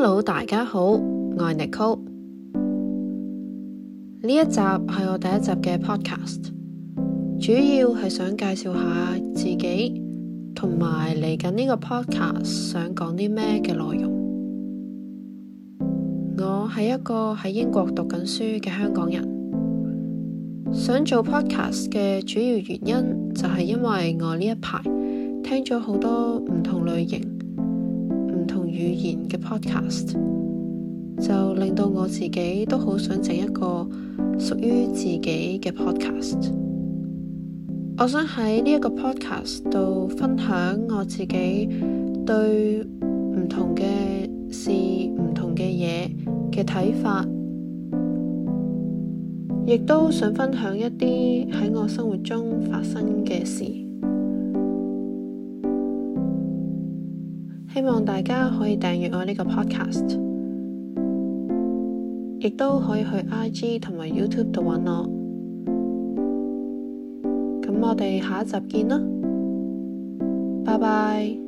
Hello，大家好，我係 Nicole。呢一集係我第一集嘅 podcast，主要係想介紹下自己同埋嚟緊呢個 podcast 想講啲咩嘅內容。我係一個喺英國讀緊書嘅香港人，想做 podcast 嘅主要原因就係因為我呢一排聽咗好多唔同類型。語言嘅 podcast 就令到我自己都好想整一個屬於自己嘅 podcast。我想喺呢一個 podcast 度分享我自己對唔同嘅事、唔同嘅嘢嘅睇法，亦都想分享一啲喺我生活中發生嘅事。希望大家可以訂閱我呢個 Podcast，亦都可以去 IG 同埋 YouTube 度揾我，咁我哋下一集見啦，拜拜。